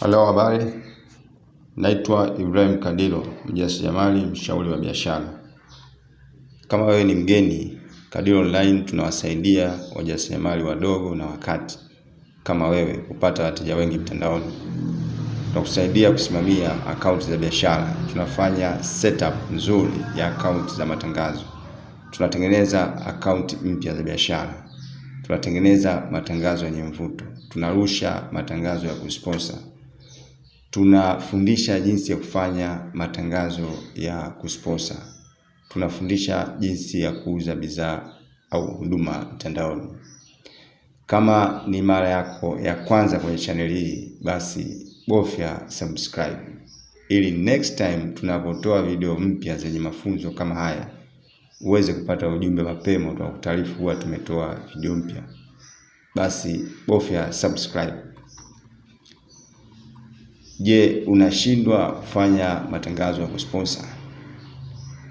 Halo, habari. Naitwa Ibrahim Kadilo, mjasiriamali, mshauri wa biashara. Kama wewe ni mgeni, Kadilo Online tunawasaidia wajasiriamali wadogo na wakati kama wewe kupata wateja wengi mtandaoni. Tunakusaidia kusimamia akaunti za biashara, tunafanya setup nzuri ya akaunti za matangazo, tunatengeneza akaunti mpya za biashara, tunatengeneza matangazo yenye mvuto, tunarusha matangazo ya kusponsor tunafundisha jinsi ya kufanya matangazo ya kusponsa. Tunafundisha jinsi ya kuuza bidhaa au huduma mtandaoni. Kama ni mara yako ya kwanza kwenye channel hii, basi bofya subscribe ili next time tunapotoa video mpya zenye mafunzo kama haya uweze kupata ujumbe mapema utakutaarifu huwa tumetoa video mpya. Basi bofya subscribe. Je, unashindwa kufanya matangazo ya kusponsor?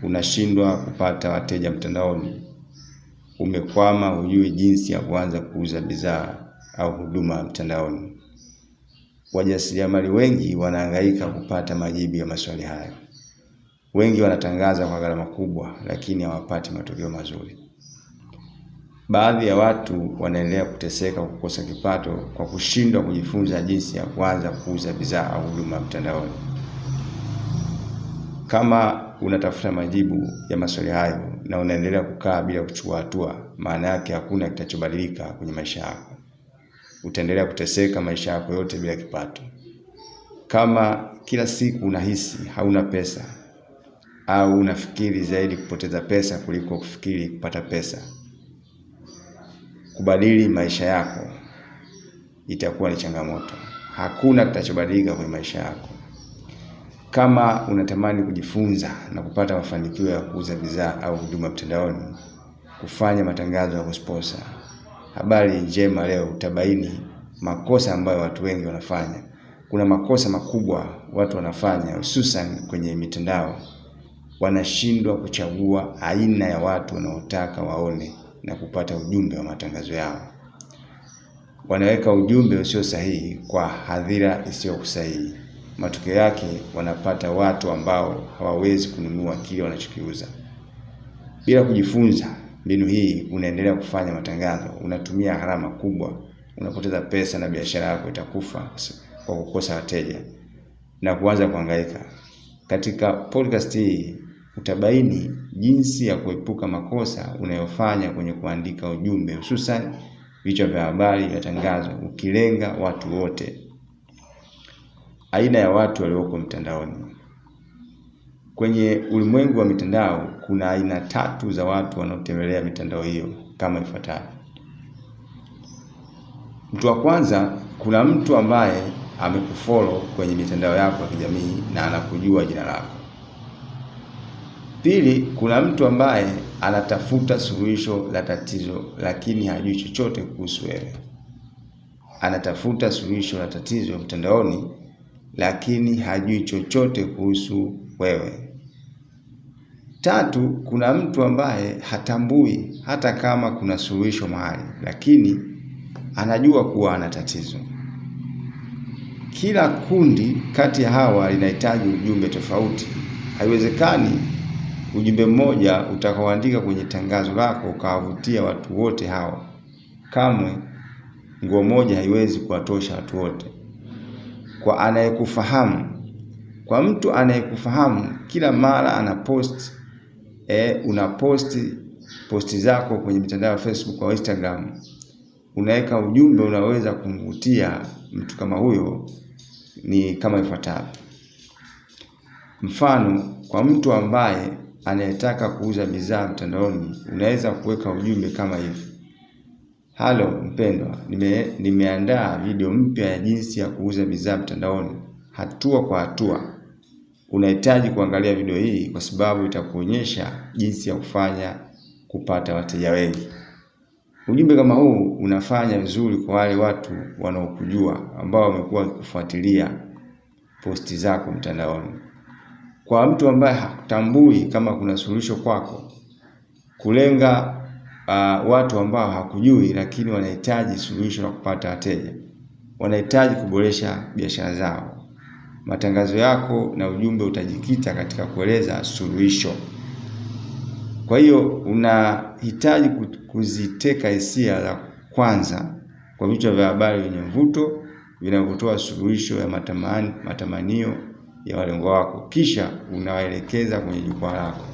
Unashindwa kupata wateja mtandaoni? Umekwama, hujui jinsi ya kuanza kuuza bidhaa au huduma mtandaoni? Wajasiriamali wengi wanahangaika kupata majibu ya maswali hayo. Wengi wanatangaza kwa gharama kubwa, lakini hawapati matokeo mazuri. Baadhi ya watu wanaendelea kuteseka kwa kukosa kipato kwa kushindwa kujifunza jinsi ya kuanza kuuza bidhaa au huduma mtandaoni. Kama unatafuta majibu ya maswali hayo na unaendelea kukaa bila kuchukua hatua, maana yake hakuna kitachobadilika kwenye maisha yako. Utaendelea kuteseka maisha yako yote bila kipato. Kama kila siku unahisi hauna pesa au unafikiri zaidi kupoteza pesa kuliko kufikiri kupata pesa, kubadili maisha yako itakuwa ni changamoto. Hakuna kitachobadilika kwenye maisha yako. Kama unatamani kujifunza na kupata mafanikio ya kuuza bidhaa au huduma mtandaoni, kufanya matangazo ya kusponsor, habari njema leo utabaini makosa ambayo watu wengi wanafanya. Kuna makosa makubwa watu wanafanya hususan kwenye mitandao, wanashindwa kuchagua aina ya watu wanaotaka waone na kupata ujumbe wa matangazo yao. Wanaweka ujumbe usio sahihi kwa hadhira isiyo sahihi. Matokeo yake wanapata watu ambao hawawezi kununua kile wanachokiuza. Bila kujifunza mbinu hii, unaendelea kufanya matangazo, unatumia gharama kubwa, unapoteza pesa na biashara yako itakufa kwa kukosa wateja na kuanza kuhangaika. Katika podcast hii utabaini jinsi ya kuepuka makosa unayofanya kwenye kuandika ujumbe, hususan vichwa vya habari vya tangazo, ukilenga watu wote. Aina ya watu walioko mtandaoni. Kwenye ulimwengu wa mitandao kuna aina tatu za watu wanaotembelea mitandao hiyo kama ifuatavyo. Mtu wa kwanza, kuna mtu ambaye amekufollow kwenye mitandao yako ya kijamii na anakujua jina lako. Pili, kuna mtu ambaye anatafuta suluhisho la tatizo lakini hajui chochote kuhusu wewe. Anatafuta suluhisho la tatizo mtandaoni lakini hajui chochote kuhusu wewe. Tatu, kuna mtu ambaye hatambui hata kama kuna suluhisho mahali, lakini anajua kuwa ana tatizo. Kila kundi kati ya hawa linahitaji ujumbe tofauti. Haiwezekani ujumbe mmoja utakaoandika kwenye tangazo lako ukawavutia watu wote hao. Kamwe nguo moja haiwezi kuwatosha watu wote. Kwa anayekufahamu, kwa mtu anayekufahamu kila mara anapost e, eh, unaposti posti zako kwenye mitandao ya Facebook au Instagram, unaweka ujumbe unaweza kumvutia mtu kama huyo ni kama ifuatavyo. Mfano, kwa mtu ambaye anayetaka kuuza bidhaa mtandaoni unaweza kuweka ujumbe kama hivi: halo mpendwa, nime, nimeandaa video mpya ya jinsi ya kuuza bidhaa mtandaoni hatua kwa hatua. Unahitaji kuangalia video hii kwa sababu itakuonyesha jinsi ya kufanya kupata wateja wengi. Ujumbe kama huu unafanya vizuri kwa wale watu wanaokujua ambao wamekuwa wakikufuatilia posti zako mtandaoni. Kwa mtu ambaye hakutambui kama kuna suluhisho kwako, kulenga uh, watu ambao hakujui lakini wanahitaji suluhisho la kupata wateja, wanahitaji kuboresha biashara zao, matangazo yako na ujumbe utajikita katika kueleza suluhisho. Kwa hiyo unahitaji kuziteka hisia za kwanza kwa vichwa vya habari vyenye mvuto vinavyotoa suluhisho ya matamani, matamanio ya malengo wako, kisha unawaelekeza kwenye jukwaa lako.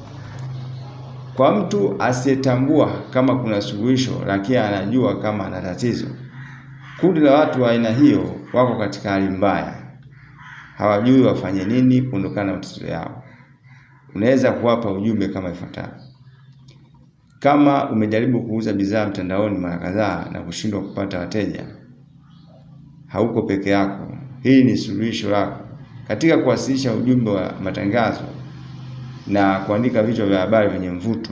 Kwa mtu asiyetambua kama kuna suluhisho, lakini anajua kama ana tatizo, kundi la watu wa aina hiyo wako katika hali mbaya, hawajui wafanye nini kuondokana na matatizo yao. Unaweza kuwapa ujumbe kama ifuatavyo: kama umejaribu kuuza bidhaa mtandaoni mara kadhaa na kushindwa kupata wateja, hauko peke yako. Hii ni suluhisho lako katika kuwasilisha ujumbe wa matangazo na kuandika vichwa vya habari vyenye mvuto,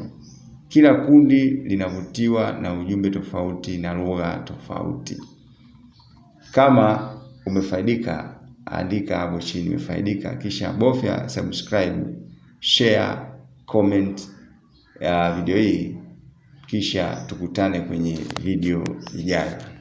kila kundi linavutiwa na ujumbe tofauti na lugha tofauti. Kama umefaidika, andika hapo chini umefaidika, kisha bofya subscribe, share, comment ya uh, video hii, kisha tukutane kwenye video ijayo.